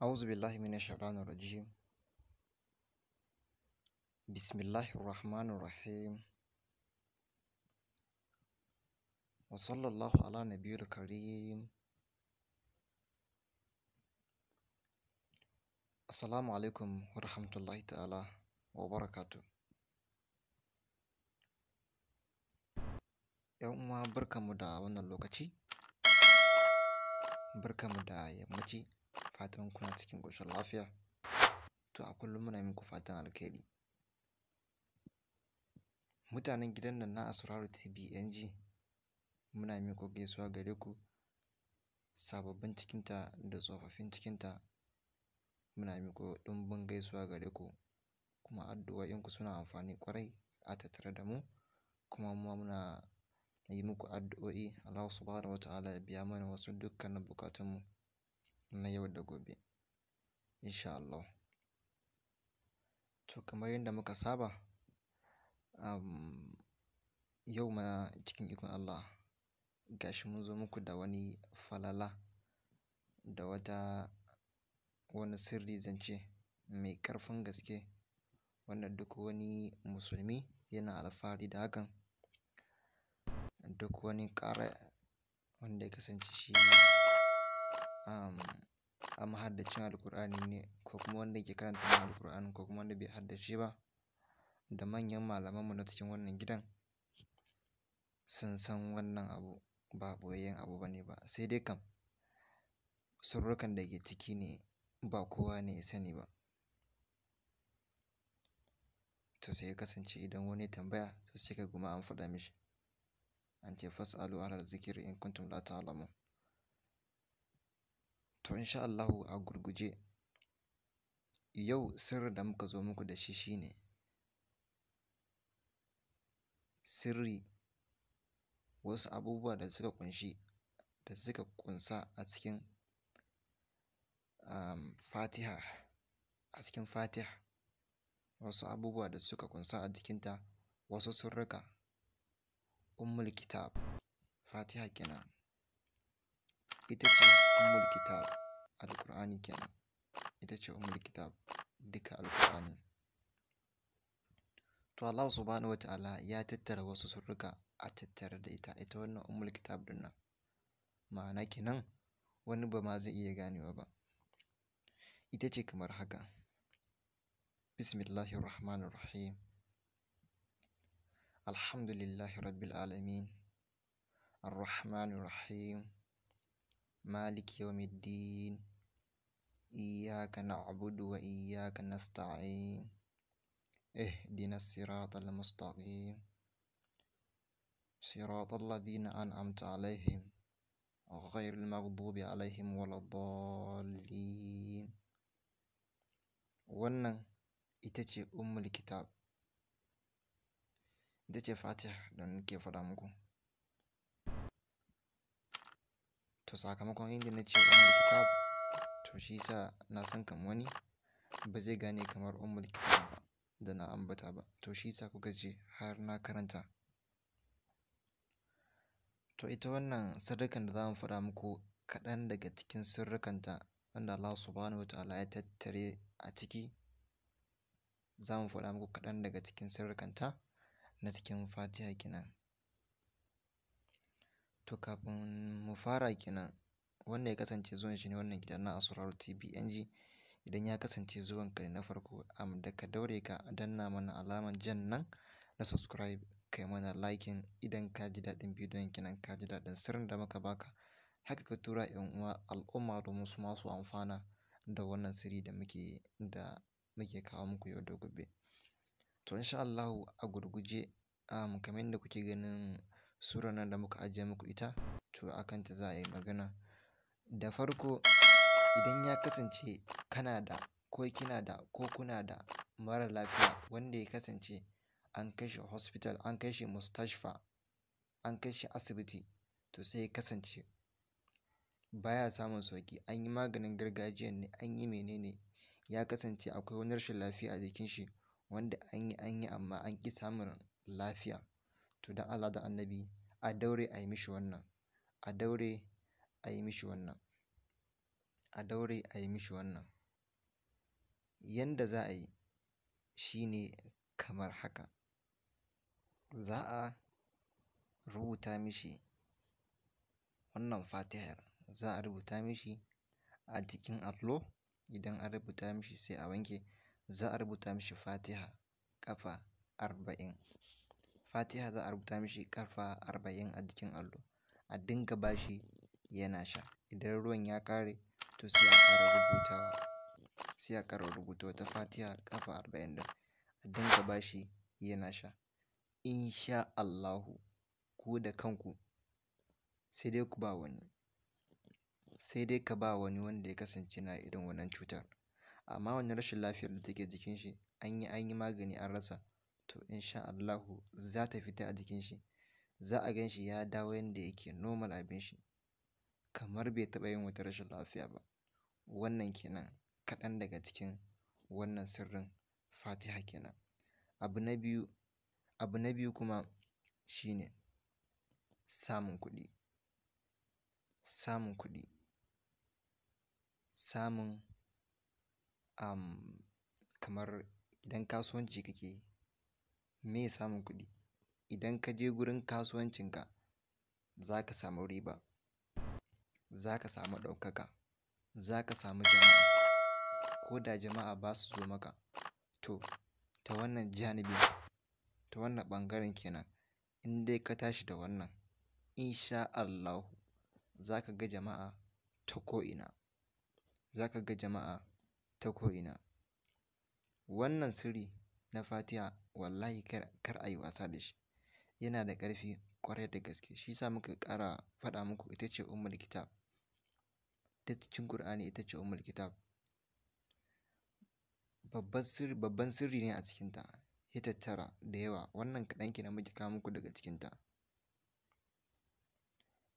أعوذ بالله من الشيطان الرجيم بسم الله الرحمن الرحيم وصلى الله على نبي الكريم السلام عليكم ورحمة الله تعالى وبركاته ‘Yan uwa barkanmu da wannan lokaci, barkanmu da yammaci. Fatan kuna cikin ƙoshin lafiya. To a kullum muna muku fatan alkhairi. Mutanen gidan nan na Asuraru TV NG muna muku gaisuwa gare ku sababbin cikinta da tsofaffin cikinta muna muku ɗumbin gaisuwa gare ku kuma addu'o'inku suna amfani kwarai a tattare da mu kuma muna yi muku addu'o'i Allah Subhanahu wa ta'ala ya biya mana wasu dukkanin bukatunmu. na yau da gobe insha Allah. To kamar yadda muka saba, yau ma cikin ikon Allah gashi mun zo muku da wani falala da wata wani sirri zance mai ƙarfin gaske wanda duk wani musulmi yana alfahari da hakan. Duk wani ƙara wanda ya kasance shi. am, am haddacin Alkur'ani ne ko kuma wanda ke karanta Alkur'ani ko kuma wanda bai haddace ba da manyan malamanmu na cikin wannan gidan sun san wannan abu ba boyayyen abu ba ne ba sai dai kam surrukan da ke ciki ne ba kowa ne ya sani ba to sai ya kasance idan wani ya tambaya to sai ka guma an faɗa mishi an ce fas'alu ahlal zikri in kuntum la ta'lamun To insha Allahu a gurguje yau sirri da muka zo muku da shi shine sirri wasu abubuwa da suka kunshi da suka kunsa a cikin um, Fatiha a cikin Fatiha wasu abubuwa da suka kunsa a jikinta wasu surruka Ummul Kitab Fatiha kenan. ita ce ummul kitab alqur'ani kenan ita ce ummul kitab duka alqur'ani to Allah subhanahu wataala ya tattara wasu surruka a tattare da ita ita wannan ummul kitab din nan ma'ana kenan wani ba ma zai iya ganewa ba ita ce kamar haka bismillahir rahmanir rahim alhamdulillahi rabbil alamin الرحمن الرحيم مالك يوم الدين إياك نعبد وإياك نستعين اهدنا الصراط المستقيم صراط الذين أنعمت عليهم غير المغضوب عليهم ولا الضالين ونن إتتي أم الكتاب إتتي فاتح ce fatih to sakamakon inda na ce ummul kitab to shi yasa na san kam wani ba zai gane kamar ummul kitab ba da na ambata ba to shi yasa kuka ce har na karanta to ita wannan sirrikan da za mu faɗa muku kaɗan daga cikin sirrikanta wanda Allah subhanahu wataala ya tattare a ciki za mu faɗa muku kaɗan daga cikin ta na cikin fatiha kenan To kafin mu fara kenan, wannan ya kasance zuwan shi ne wannan gida na Asraru TV Idan ya kasance zuwan ne na farko, am da ka daure ka danna mana alamar jan nan na subscribe kai mana liking idan ka ji daɗin bidiyon kenan ka ji daɗin sirrin da muka baka. Haka ka tura 'yan uwa al'umma domin su ma amfana da wannan sirri da muke da muke kawo muku yau da gobe. To insha Allahu a gurguje, um, kamar yadda kuke ganin surar nan da muka ajiye muku ita to a ta za a yi magana. Da farko idan ya kasance kana da ko kina da ko kuna da mara lafiya wanda ya kasance an kai hospital, an kai mustashfa, an kai asibiti to sai ya kasance baya samun sauƙi an yi maganin gargajiyan ne an yi menene ya kasance akwai wani rashin lafiya a jikin shi wanda an yi an yi amma an ƙi samun lafiya. to dan Allah da annabi a daure a yi mishi wannan, a daure a mishi wannan, a daure a mishi wannan. Yanda za a yi shi kamar haka. Za a rubuta mishi wannan fatihar, za a rubuta mishi a jikin allo. Idan a rubuta mishi sai a wanke. Za a rubuta mishi fatiha ƙafa arba'in. Fatiha za a rubuta mishi ƙarfa arba'in a jikin allo. A dinga bashi yana sha. Idan ruwan ya ƙare to sai a ƙara rubutawa, sai a ƙara rubuta wata Fatiha ƙafa arba'in ɗin. A dinga bashi yana sha. In Allahu ku da kanku sai dai ku ba wani. Sai dai ka ba wani wanda ya kasance na irin wannan cutar. Amma wannan rashin lafiyar da take jikin shi an yi, an yi magani an rasa. to in Allahu za ta fita a jikin shi za a gan shi ya dawo yanda yake normal abin shi kamar bai taɓa yin wata rashin lafiya ba wannan kenan kaɗan daga cikin wannan sirrin fatiha kenan abu na biyu abu na biyu kuma shine samun kuɗi samun kuɗi samun um, kamar idan kasuwanci kake yi Me samun kuɗi? Idan ka je gurin kasuwancinka za ka samu riba, za ka samu ɗaukaka, za ka samu jama'a. Ko da jama'a ba su zo maka to ta wannan janibi ta wannan ɓangaren kenan in dai ka tashi da wannan in sha Allahu za ka ga jama'a ta ko'ina, za ka ga jama'a ta ko'ina. Wannan sirri na Fatiha wallahi kar, kar a yi wasa da shi. Yana da ƙarfi ƙwarai da gaske. Shi sa muka ƙara faɗa muku ita ce Ummul Kitab. Ta cikin Kur'ani ita ce Ummul Kitab. Babban sirri, babban sirri ne a cikinta. Ya tattara da yawa. Wannan kaɗan kenan muke kawo muku daga cikinta.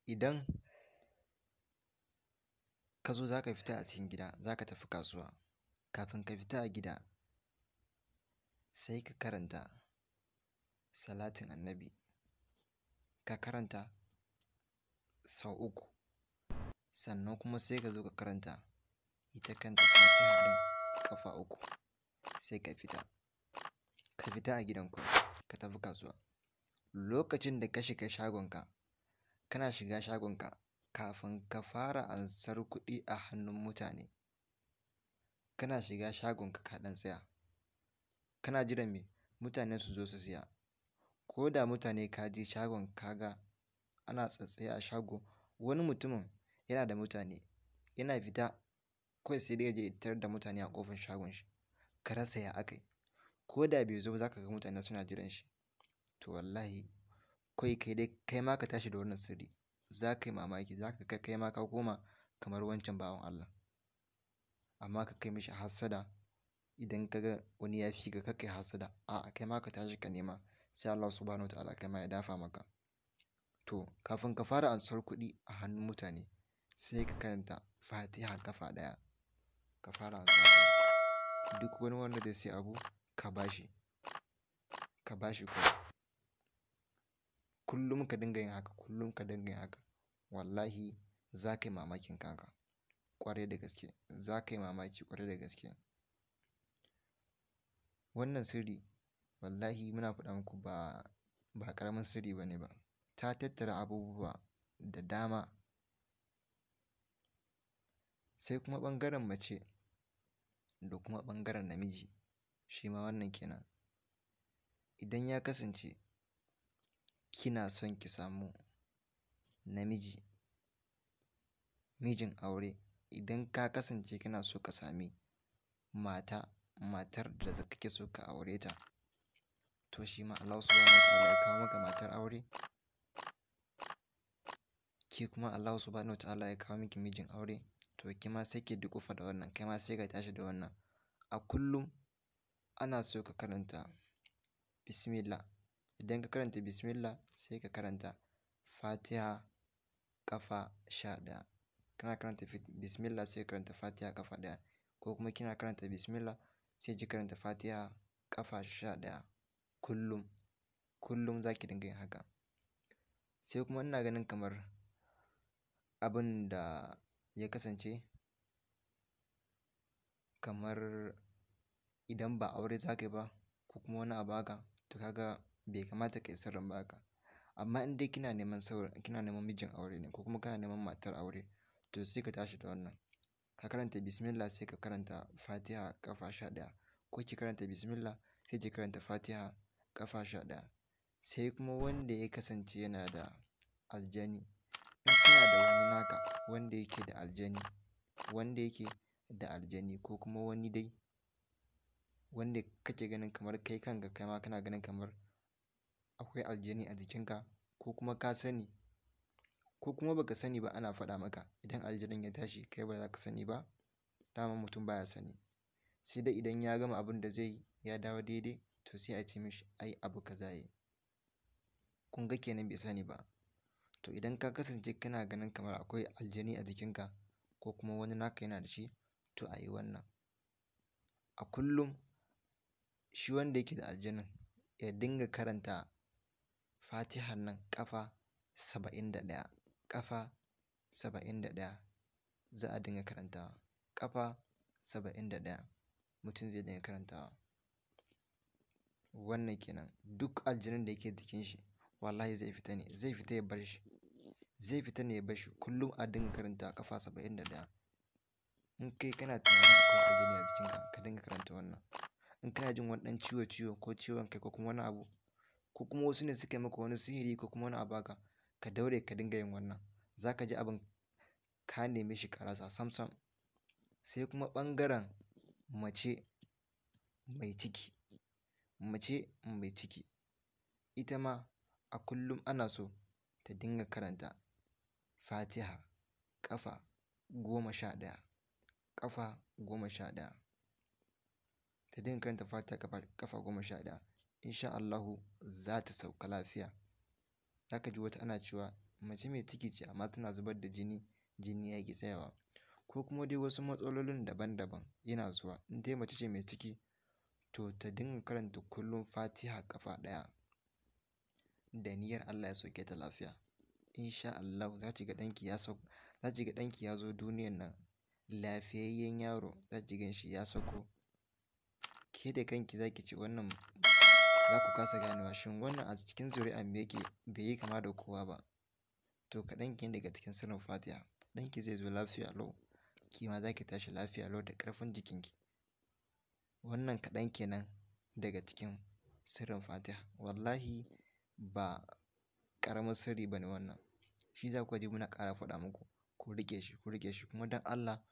Idan ka zo za ka fita a cikin gida, za ka tafi kasuwa. Kafin ka fita a gida sai ka karanta salatin annabi ka karanta sau uku sannan kuma sai ka zo ka karanta ita kanta fatiha ɗin ƙafa uku sai ka fita ka fita a gidanku ka tafi kasuwa lokacin da ka shiga shagonka kana shiga shagonka kafin ka fara ansar kuɗi a hannun mutane kana shiga shagonka ka ɗan tsaya kana jiran me? Mutane su zo su siya. Ko da mutane ka je shagon ka ana tsattsaye a shago, wani mutumin yana da mutane, yana fita kawai sai dai ya je ya da mutane a ƙofar shagon shi. Ka rasa ya aka yi. Ko da bai zo ba za ka ga mutane suna jiran shi. To wallahi kawai kai dai kai ma ka tashi da wannan sirri. Za ka yi mamaki, za ka ga kai ma ka koma kamar wancan bawan Allah. Amma ka kai mishi hassada. idan ka ga wani ya fi ka kar kai hasada A'a kai ma ka tashi ka nema sai Allah Subhanahu wa ta'ala kai ma ya dafa maka. To kafin ka fara ansar kuɗi a hannun mutane sai ka karanta Fatiha ƙafa ɗaya ka fara ansa kuɗi. Duk wani wanda zai sai abu ka bashi ka bashi kuɗi. Kullum ka dinga yin haka, kullum ka dinga yin haka. Wallahi za ka yi mamakin kanka ƙwarai da gaske. Za ka yi mamaki ƙwarai da gaske. Wannan sirri wallahi muna faɗa muku ba, ba ƙaramin sirri ba ne ba. Ta tattara abubuwa da dama. Sai kuma ɓangaren mace da kuma ɓangaren namiji. Shi ma wannan kenan. nan. Idan ya kasance kina son ki samu namiji, mijin aure, idan ka kasance kana so ka sami mata matar da kake so ka aure ta to shi ma Allah subhanahu wataala ya kawo maka matar aure ki kuma Allah subhanahu wataala ya kawo miki mijin aure to ki ma sai ki dukufa da wannan kai ma sai ka tashi da wannan a kullum ana so ka karanta bismillah idan ka karanta bismillah sai ka karanta fatiha kafa sha daya kana karanta bismillah sai ka karanta fatiha kafa ɗaya ko kuma kina karanta bismillah sai ki karanta Fatiha ƙafa sha ɗaya kullum. Kullum za ki dinga yin haka. Sai kuma ina ganin kamar abin da ya kasance kamar idan ba aure za ka yi ba ko kuma wani abu haka to ka bai kamata ka yi sirrin ba haka. Amma in dai kina neman kina mijin aure ne ko kuma kana neman matar aure to sai ka tashi da wannan. ka karanta bismillah sai ka karanta fatiha ƙafa sha ɗaya ko ki karanta bismillah sai ki karanta fatiha kafa sha ɗaya sai kuma wanda ya kasance yana da aljani in kana da wani naka wanda yake da aljani wanda yake da aljani ko kuma wani dai wanda kake ganin kamar kai kanka kai ma kana ganin kamar akwai aljani a jikinka ko kuma ka sani ko kuma baka sani ba ana faɗa maka idan aljanun ya tashi kai ba za ka sani ba dama mutum baya sani sai dai idan ya gama abin da zai yi ya dawo daidai to sai a ce mishi ai abu kaza yayi kun ga kenan bai sani ba to idan ka kasance kana ganin kamar akwai aljani a jikinka ko kuma wani naka yana da shi to a yi wannan a kullum shi wanda yake da aljanun ya dinga karanta fatihar nan ƙafa saba'in da ɗaya ƙafa saba'in da ɗaya za a dinga karantawa ƙafa saba'in da ɗaya mutum zai dinga karantawa wannan kenan duk aljinin da yake jikin shi wallahi zai fita ne zai fita ya bar shi zai fita ne ya bar shi kullum a dinga karantawa ƙafa saba'in da ɗaya in kai kana tunanin akwai aljini a jikinka ka dinga karanta wannan in kana jin wani ɗan ciwo ciwo ko ciwon kai ko kuma wani abu ko kuma wasu ne suka maka wani sihiri ko kuma wani abu haka ka daure ka dinga yin wannan za ka ji abin ka nemi shi karasa rasa sai kuma ɓangaren mace mai ciki mace mai ciki ita ma a kullum ana so ta dinga karanta Fatiha ƙafa goma sha ɗaya ƙafa goma sha ɗaya ta dinga karanta Fatiha ƙafa goma sha ɗaya in Allahu za ta sauka lafiya. za ka ji wata ana cewa mace mai ciki ce amma tana zubar da jini jini ya ƙi tsayawa ko kuma dai wasu matsalolin daban-daban yana zuwa in dai mace ce mai ciki to ta dinga karanta kullum Fatiha kafa ɗaya da niyyar Allah ya sauke ta lafiya insha Allahu za ki ga ɗanki ya sauko za ki ga ɗanki ya zo duniyan nan lafiyayyen yaro za ki gan shi ya sauko ke da kanki za ki ce wannan za ku kasa ganewa shin wannan a cikin zuri'an me yake bai yi kama da kowa ba to kaɗan kenan daga cikin sirrin fatiha ɗanki zai zo lafiya lau ki ma za ki tashi lafiya lau da ƙarfin ki? wannan kaɗan kenan daga cikin sirrin fatiha wallahi ba ƙaramin sirri ba ne wannan shi za ku ji muna ƙara faɗa muku ku riƙe shi ku riƙe shi kuma don Allah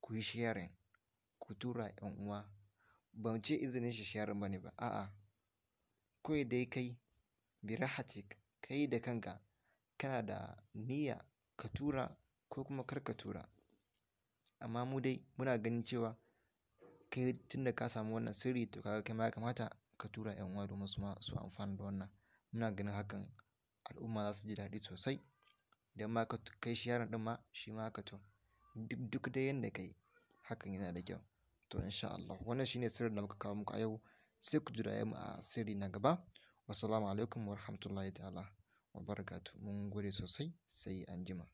ku yi sharing ku tura 'yan uwa ba ce izinin shi sharing ba ne ba a'a kawai dai kai bi rahatik kai da kanka kana da niyya ka tura ko kuma kar ka tura amma mu dai muna ganin cewa kai tunda ka samu wannan sirri to kaga kai ma ya kamata ka tura 'yan uwa domin su ma su amfana da wannan muna ganin hakan al'umma za su ji daɗi sosai idan ma ka kai shi yaron ɗin ma shi ma haka to duk duk dai yanda kai hakan yana da kyau to insha Allah wannan shine sirrin da muka kawo muku a yau sai ku jira mu a sirri na gaba wasalamu alaikum wa rahmatullahi ta'ala wa barakatu mun gode sosai sai anjima